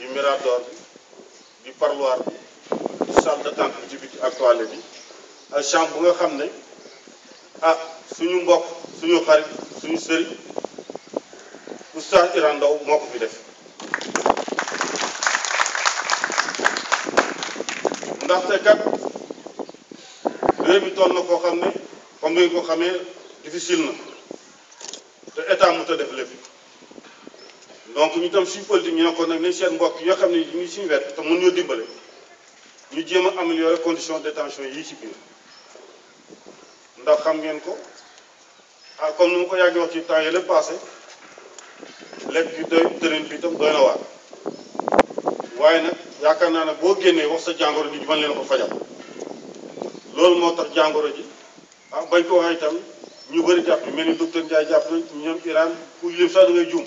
di mirador bi di parloir bi di salle de tente bi ci biti ak toilette bi ak chambre bu nga xam ne ah suñu mbokk suñu xarit suñu sëriñ oustaz Iran Ndao moo ko def ndaxte kat réew mi na koo xam ne comme ni ko xamee difficile na te état mu ta def lépp donc ñu tam suñu politique ñu ne kon nag nañ seen mbokk ñoo xam ne ñu ngi suñu wet te mën ñoo dimbale ñu jéem a améliorer condition de tention yii si biir ndax xam ngeen ko ah comme ni ma ko yàgg wax ci temps yële passé lekk bi doy tërin bi tam doy na waar waaye nag yaakaar naa ne boo génnee wax sa jàngoro ji ñu mën leen ko fajal loolu moo tax jàngoro ji ah bañ ko waxee itam ñu bëri jàpp mel ni docteur Ndiaye jàpp na ñoom Iran ku lim sax da ngay juum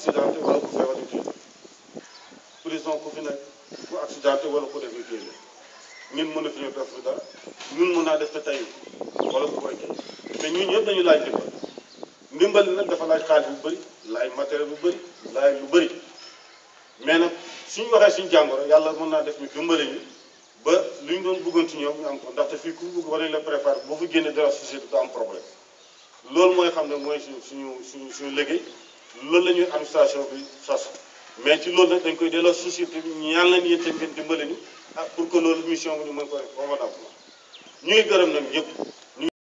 accidenté wala ku feebar ñu prison ku fi nekk ku accidenté wala ku def ñu génne ñun mën na fi ñëw def dara ñun mën naa def te tey wala ko koy tey mais ñun ñëpp dañu laaj ndimbal ndimbal nag dafa laaj xaalis bu bëri laaj matériel bu bëri laaj lu bëri mais nag suñ waxee suñ jàngoro yàlla mën naa def ñu dimbali ñu ba lu ñu doon bëggoon ci ñoom ñu am ko ndaxte fii ku bëgg war nañ la préparé boo fi génne dara société du am problème loolu mooy xam ne mooy suñu suñu suñu suñu liggéey loolu la ñuy administration bi sas mais ci loolu nag dañ koy delloo société bi ñaan leen yéen tamit ngeen dimbale ni ah pour que loolu mission bi ñu mën ko def ba ma dàmp la ñuy gërëm nag ñëpp